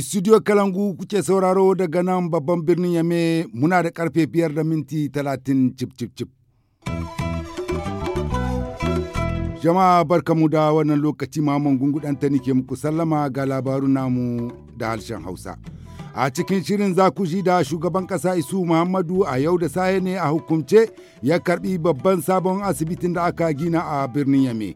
studio Kalangu. kuce kuke sauraro daga nan babban birnin Yame muna da karfe biyar da minti talatin cip cip cip. Jama'a barkamu da wannan lokaci ma Gungudan ta nike muku sallama ga labarun namu da harshen Hausa. a cikin shirin za ku ji da shugaban ƙasa isu muhammadu a yau da saye ne a hukumce ya karɓi babban sabon asibitin da aka gina a birnin yame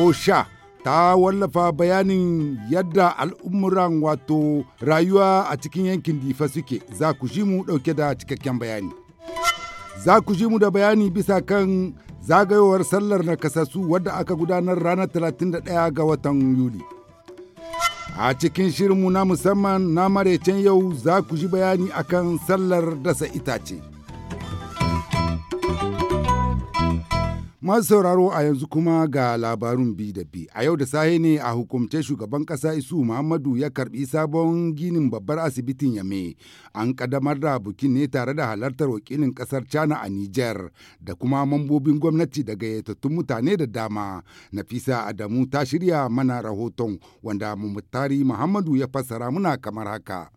osha ta wallafa bayanin yadda al'umuran wato rayuwa a cikin yankin difa suke za ku ji mu ɗauke da cikakken bayani za ku ji mu da bayani bisa kan zagayowar sallar na nakasassu wadda aka gudanar ranar 31 ga watan yuli A cikin shirinmu na musamman na maraicen yau za ku ji bayani akan sallar dasa itace. Masu sauraro a yanzu kuma ga labarun bi da bi. A yau da sahe ne a hukumce shugaban ƙasa Isu Muhammadu ya karbi sabon ginin babbar asibitin Yame. An ƙaddamar da bukin ne tare da halartar wakilin ƙasar China a Niger da kuma mambobin gwamnati daga yattattun mutane da dama. Nafisa Adamu ta shirya mana rahoton wanda Mumutari Muhammadu ya fassara muna kamar haka.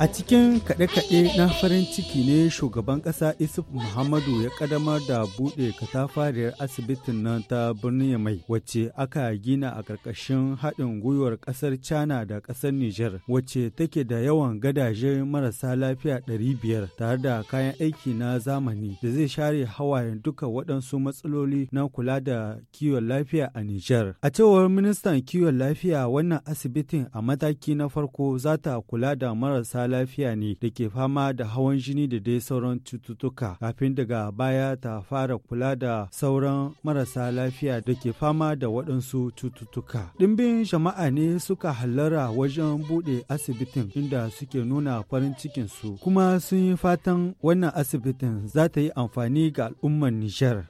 A cikin kaɗe-kaɗe na farin ciki ne shugaban ƙasa Isuf Muhammadu ya ƙaddamar da buɗe katafariyar asibitin nan ta birnin mai wacce aka gina a ƙarƙashin haɗin gwiwar ƙasar China da ƙasar Nijar wacce take da yawan gadaje marasa lafiya 500 tare da kayan aiki na zamani da zai share hawayen duka waɗansu matsaloli na kula da kiwon lafiya a Nijar. A cewar ministan kiwon lafiya wannan asibitin a mataki na farko za ta kula da marasa lafiya ne da ke fama da hawan jini da dai sauran cututtuka kafin daga baya ta fara kula da sauran marasa lafiya da ke fama da waɗansu cututtuka. Ɗimbin jama'a ne suka hallara wajen buɗe asibitin inda suke nuna farin cikinsu kuma sun yi fatan wannan asibitin za ta yi amfani ga al'ummar Nijar.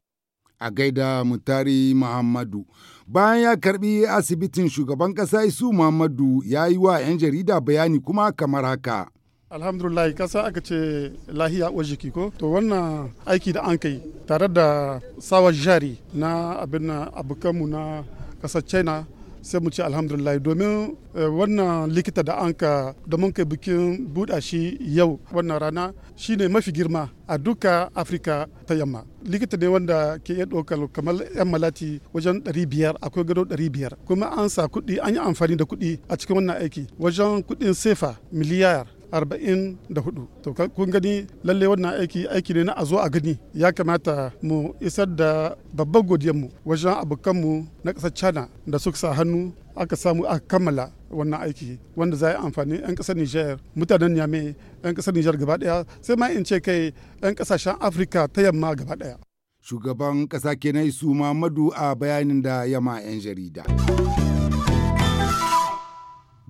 a gaida mutari muhammadu bayan ya karbi asibitin shugaban kasa isu muhammadu ya yi wa 'yan jarida bayani kuma kamar haka alhamdulillah kasa aka ce lahiya uwar jiki ko to wannan aiki da an kai tare da sawa jari na abin abokanmu na kasar china sai mu ce alhamdulillah domin eh, wannan likita da an ka da mun bikin buɗa shi yau wannan rana ne mafi girma a duka afirka ta yamma likita ne wanda ke iya ɗaukar kamar yan malati wajen 500 akwai gado 500 kuma an sa kuɗi an yi amfani da kuɗi a cikin wannan aiki wajen kuɗin sefa miliyar 44 to kun gani lalle wannan aiki aiki ne na a zo a gani ya kamata mu isar da babban mu wajen abokanmu na ƙasar china da suka sa hannu aka samu aka kammala wannan aiki wanda za a yi amfani 'yan ƙasar niger mutanen yame 'yan ƙasar niger gaba daya sai ma in ce kai 'yan ƙasashen afirka ta yamma gaba daya. shugaban kasa kenai su mamadu a bayanin da yama 'yan jarida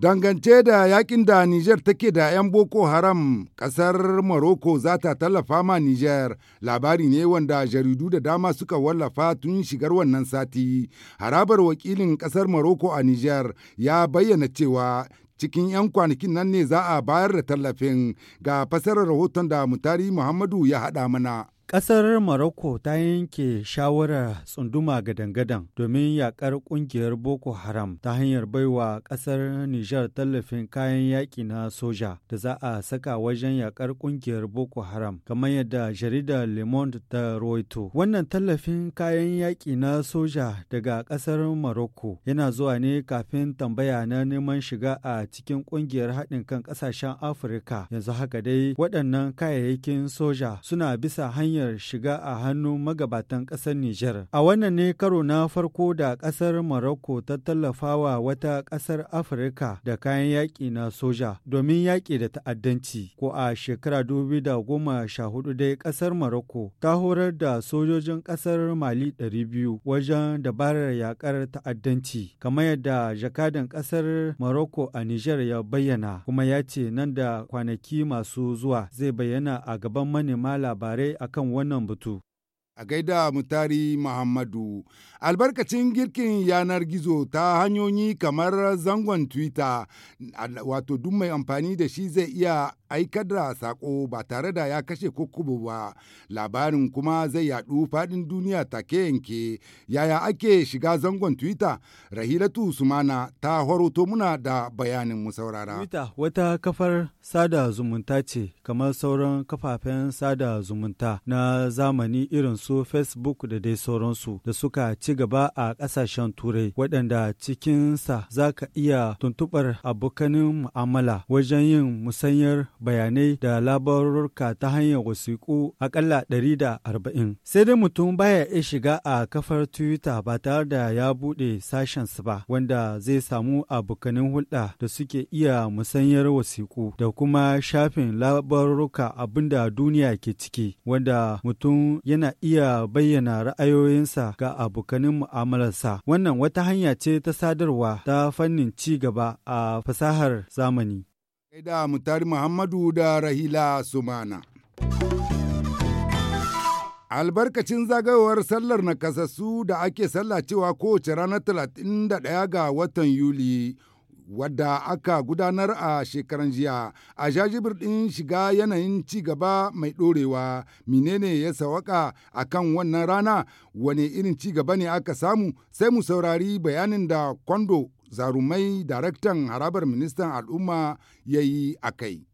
Dangance da yakin da Nijar take da 'yan Boko Haram ƙasar Morocco za ta tallafa ma Niger labari ne wanda jaridu da dama suka wallafa tun shigar wannan sati. Harabar wakilin ƙasar Morocco a Niger ya bayyana cewa cikin 'yan kwanakin nan ne za a bayar da tallafin ga fasarar rahoton da Mutari Muhammadu ya haɗa mana. Ƙasar Morocco ta yanke shawarar tsunduma gadan-gadan domin yaƙar ƙungiyar Boko Haram ta hanyar baiwa ƙasar Nijar tallafin kayan yaƙi na soja da za a saka wajen yaƙar ƙungiyar Boko Haram, kamar yadda jaridar Le Monde ta Roito. Wannan tallafin kayan yaƙi na soja daga ƙasar Morocco yana zuwa ne kafin tambaya na neman shiga a cikin ƙungiyar haɗin kan ƙasashen Afirka. Yanzu haka dai waɗannan kayayyakin soja suna bisa hanyar hanyar shiga a hannun magabatan ƙasar Nijar. A wannan ne karo na farko da ƙasar Morocco ta tallafawa wata ƙasar Afirka da kayan yaƙi na soja domin yaƙi da ta'addanci. Ko a shekara sha hudu dai ƙasar Morocco ta horar da sojojin ƙasar Mali biyu wajen dabarar yaƙar ta'addanci kamar yadda jakadan ƙasar Morocco a Nijar ya bayyana kuma ya ce nan da kwanaki masu zuwa zai bayyana a gaban manema labarai akan one number two. a gaida mutari Muhammadu. Albarkacin girkin yanar gizo ta hanyoyi kamar zangon Twitter, wato duk mai amfani da shi zai iya aikar da sako ba tare da ya kashe kukubu ba. Labarin kuma zai yaɗu fadin duniya take yanke. Yaya ake shiga zangon Twitter? Rahilatu Sumana ta horoto muna da bayanin mu saurara. Twitter wata kafar sada zumunta ce kamar sauran kafafen sada zumunta na zamani irin su su facebook da dai sauransu da suka ci gaba a ƙasashen turai waɗanda cikinsa za ka iya tuntuɓar abokanin mu'amala wajen yin musanyar bayanai da labarurka ta hanyar wasiƙu aƙalla arba'in. sai dai mutum baya iya shiga a kafar twitter ba tare da ya buɗe sashensu ba wanda zai samu abokanin hulɗa da suke iya musanyar wasiƙu da kuma shafin labarurka abinda duniya ke ciki wanda mutum yana iya iya bayyana ra'ayoyinsa ga abokanin mu'amalarsa. Wannan wata hanya ce ta sadarwa ta fannin ci gaba a fasahar zamani. Gaida Mutari Muhammadu da Rahila Sumana. albarkacin zagayowar sallar nakasassu da ake sallacewa kowace ranar 31 ga watan Yuli, wadda aka gudanar a shekaran jiya a jajibir ɗin shiga yanayin ci gaba mai ɗorewa menene ya sawaka a kan wannan rana wani irin ci gaba ne aka samu sai mu saurari bayanin da kwando zarumai daraktan harabar ministan al'umma ya yi a kai.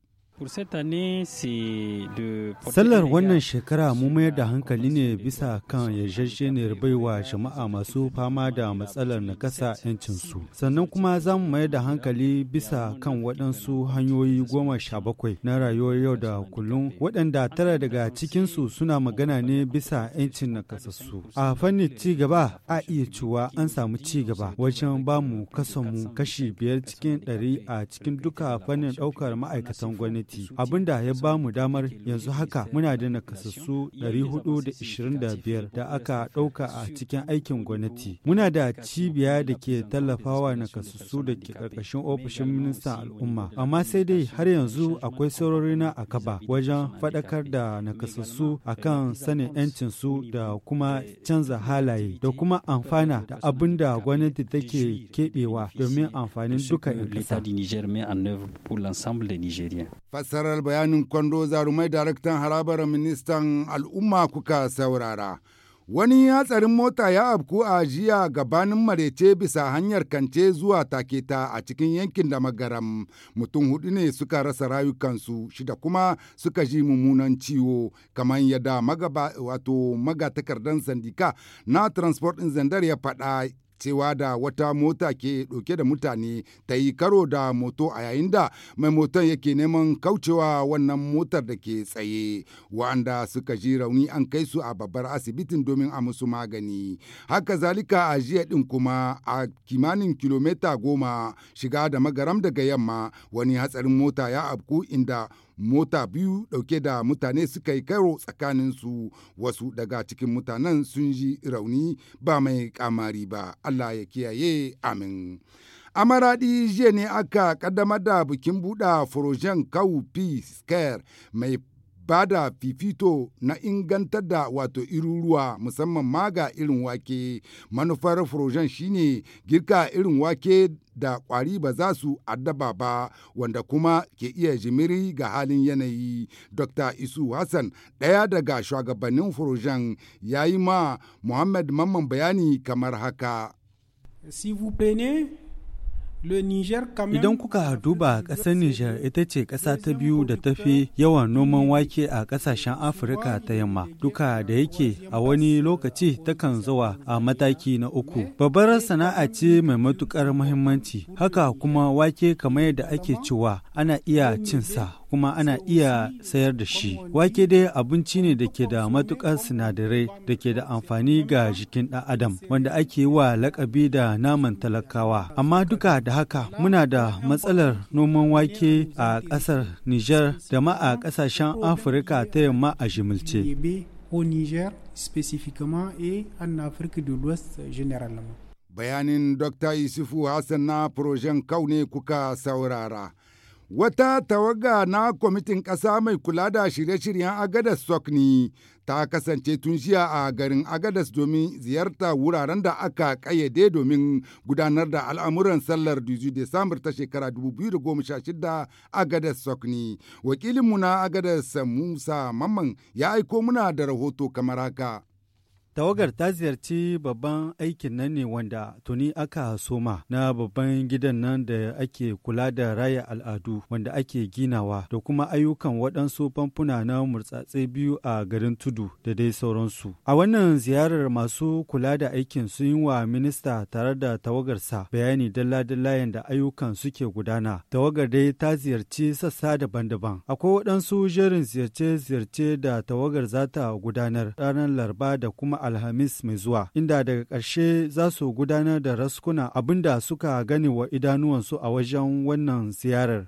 Sallar wannan shekara mu mayar da hankali ne bisa kan yarjejeniyar baiwa jama'a masu fama da matsalar nakasa 'yancinsu. Sannan kuma za mu mayar da hankali bisa kan waɗansu hanyoyi goma sha bakwai na rayuwar yau da kullum waɗanda tara daga cikinsu suna magana ne bisa 'yancin nakasassu. A fannin ci gaba a iya cewa an samu ci gaba wajen ba mu mu kashi biyar cikin ɗari a cikin duka fannin ɗaukar ma'aikatan gwamnati. gwamnati abinda ya ba mu damar yanzu haka muna da nakasassu 425 da aka ɗauka a cikin aikin gwamnati muna da cibiya da ke tallafawa nakasassu da ke ƙarƙashin ofishin ministan al'umma amma sai dai har yanzu akwai saurari na akaba wajen faɗakar da nakasassu akan sanin yancin su da kuma canza halaye da kuma amfana da abin da gwamnati take keɓewa domin amfanin duka fassarar bayanin kwando zarumai daraktan harabar ministan al'umma kuka saurara wani hatsarin mota ya afku a jiya gabanin marece bisa hanyar kance zuwa taketa a cikin yankin da magaram mutum hudu ne suka rasa rayukansu shida kuma suka ji mummunan ciwo kamar yadda wato magatakardan sandika na transport in zandar ya faɗa cewa da wata mota ke ɗauke da mutane ta yi karo da moto a yayin da mai moton yake neman kaucewa wannan motar da ke tsaye wa'anda suka ji rauni an kai su a babbar asibitin domin a musu magani haka zalika a jiya din kuma a kimanin kilomita goma shiga da magaram daga yamma wani hatsarin mota ya abku inda mota biyu dauke da mutane suka yi karo tsakanin su wasu daga cikin mutanen sun ji rauni ba mai kamari ba Allah ya kiyaye amin. A maraɗi jiya ne aka ƙaddamar da bikin buɗa Furojen Kawu P. Care mai ba da fifito na ingantar da wato iruruwa musamman ma ga irin wake manufar furojen shine girka irin wake da kwari ba za su addaba ba wanda kuma ke iya jimiri ga halin yanayi dr isu hassan ɗaya daga shugabannin furojen ya yi ma muhammad mamman bayani kamar haka si vous Idan kuka duba ƙasar Nijar ita ce ƙasa ta biyu da ta fi yawan noman wake a ƙasashen Afirka ta yamma, duka da yake a wani lokaci takan zuwa a mataki na uku. Babbar sana'a ce mai matuƙar muhimmanci, haka kuma wake kamar yadda ake cewa ana iya cinsa. kuma ana iya sayar da shi. Wake dai abinci ne da ke da matuƙar sinadarai da ke da amfani ga jikin ɗan adam wanda ake wa lakabi da naman talakawa. Amma duka da haka muna da matsalar noman wake a ƙasar Nijar da ma a ƙasashen Afirka ta yamma a jimilce. Bayanin Dr. Yusufu Hassan na projen ne kuka saurara. Wata tawaga na kwamitin ƙasa mai kula da shirye-shiryen Agadas Sokni ta kasance tun jiya a garin Agadas domin ziyarta wuraren da aka ƙayyade domin gudanar da al'amuran sallar 12 Desambar ta shekara 2016 Agadas Sokni. Wakilinmu na Agadas Musa Mamman ya aiko muna da rahoto kamar haka. Tawagar ta ziyarci babban aikin nan ne wanda tuni aka soma na babban gidan nan da ake kula da raya al'adu wanda ake ginawa da kuma ayyukan waɗansu famfuna na murtsatse biyu a garin tudu da dai sauransu. A wannan ziyarar masu kula da aikin sun yi wa minista tare da tawagarsa bayani dalla-dalla yadda ayyukan suke gudana. Tawagar dai ta ziyarci sassa daban-daban. Akwai waɗansu jerin ziyarce-ziyarce da tawagar za ta gudanar ranar Laraba da kuma alhamis mai zuwa inda daga karshe za su gudanar da raskuna abinda suka gani wa idanuwansu a wajen wannan ziyarar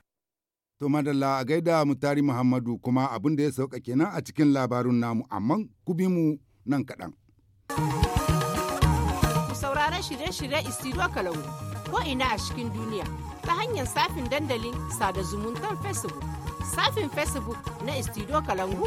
To madalla a gaida mutari Muhammadu kuma abin da ya sauka kenan a cikin labarun namu amma ku bi mu nan kaɗan. Sauraron shirye shiryen Istiduwa Kalau ko ina a cikin duniya ta hanyar safin dandalin sada zumuntar Facebook. Safin Facebook na Istiduwa Kalangu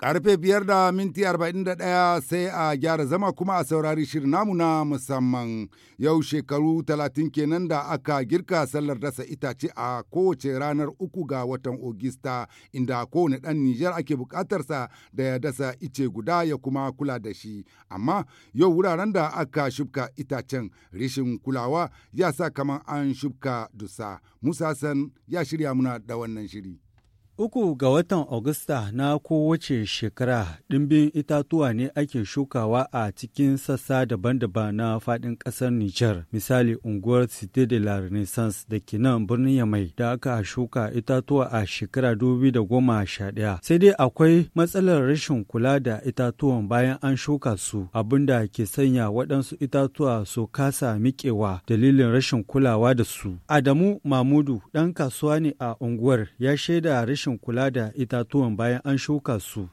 Karfe biyar da minti arba'in da ɗaya sai a gyara zama kuma a saurari shirin namu na musamman. Yau shekaru talatin kenan da aka girka sallar dasa itace a kowace ranar uku ga watan Ogista inda kowane ɗan Nijar ake buƙatarsa da ya dasa ice guda ya kuma kula da shi. Amma yau wuraren da aka shubka itacen rishin kulawa ya sa kamar an shubka dusa. Musa San ya shirya muna da wannan shiri. Uku ga watan Agusta na kowace shekara ɗimbin itatuwa ne ake shukawa a cikin sassa daban-daban na faɗin ƙasar Nijar. Misali unguwar Cité de la Renaissance da ke nan birnin Yamai da aka shuka itatuwa a shekara da goma ɗaya. Sai dai akwai matsalar rashin kula da itatuwan bayan an shuka su abin da ke sanya waɗansu itatuwa su kasa miƙewa dalilin rashin kulawa da su. Adamu Mamudu ɗan kasuwa ne a unguwar ya shaida rashin rashin kula da itatuwan bayan an shuka su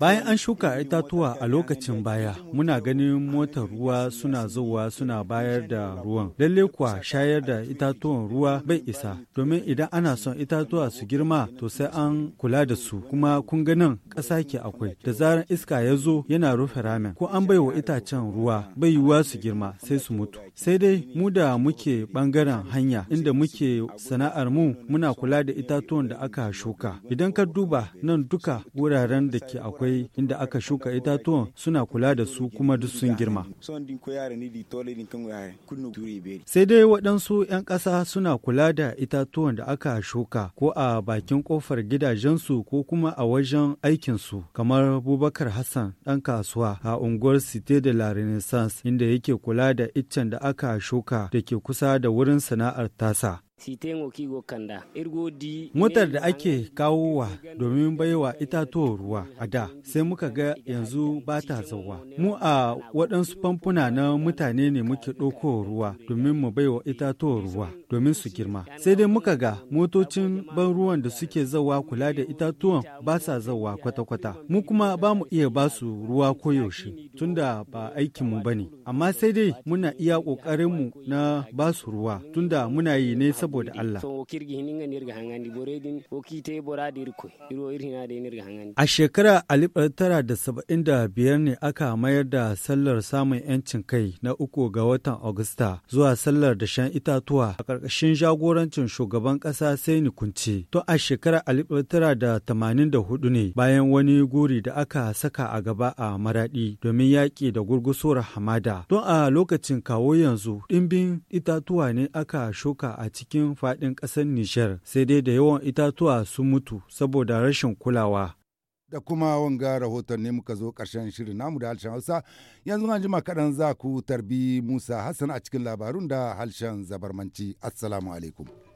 Bayan an shuka itatuwa a lokacin baya, muna ganin motar ruwa suna zuwa suna bayar da ruwan. Lalle kuwa shayar da itatuwan ruwa bai isa, domin idan ana son itatuwa su girma to sai an kula da su. Kuma kun ganin ƙasa ke akwai. Da zarar iska ya zo yana rufe ramen. Ko an bai wa itacen ruwa bai yiwuwa su girma sai su mutu. Sai dai mu da muke ɓangaren hanya inda muke sana'ar mu muna kula da itatuwan da aka shuka. Idan ka duba nan duka haka wuraren da ke akwai inda aka shuka itatuwan suna kula da su kuma duk sun girma. Sai dai waɗansu 'yan ƙasa suna kula da itatuwan da aka shuka ko a bakin ƙofar gidajensu ko kuma a wajen aikinsu kamar Bubakar Hassan ɗan kasuwa a unguwar Cité de la Renaissance inda yake kula da iccen da aka shuka da ke kusa da wurin sana'ar tasa. Motar da ake kawowa domin baiwa itatuwar ruwa a da sai muka ga yanzu ba ta zauwa. Mu a waɗansu famfuna na mutane ne muke ɗauko ruwa domin mu baiwa itatuwar ruwa domin su girma. Sai dai muka ga motocin ban ruwan da suke zauwa kula da itatuwan ba sa zauwa kwata-kwata. Mu kuma ba mu iya ba su ruwa koyaushe da ba aikinmu ba ne. Amma sai dai muna iya ƙoƙarinmu na ba su ruwa tun da muna yi ne saboda saboda Allah. A shekara alif tara da saba'in da biyar ne aka mayar da sallar samun 'yancin kai na uku ga watan Agusta zuwa sallar da shan itatuwa a ƙarƙashin jagorancin shugaban ƙasa sai ni kunci. To a shekara alif tara da tamanin da hudu ne bayan wani guri da aka saka a gaba a maraɗi domin yaƙi da gurgusuwar hamada. Don a lokacin kawo yanzu ɗimbin itatuwa ne aka shuka a cikin cikin faɗin ƙasar Nijar, sai dai da yawan itatuwa sun mutu saboda rashin kulawa. Da kuma wanga rahoton ne muka zo ƙarshen shirin namu da harshen Hausa, yanzu an jima kaɗan za ku tarbi Musa Hassan a cikin labarun da harshen zabarmanci. Assalamu alaikum.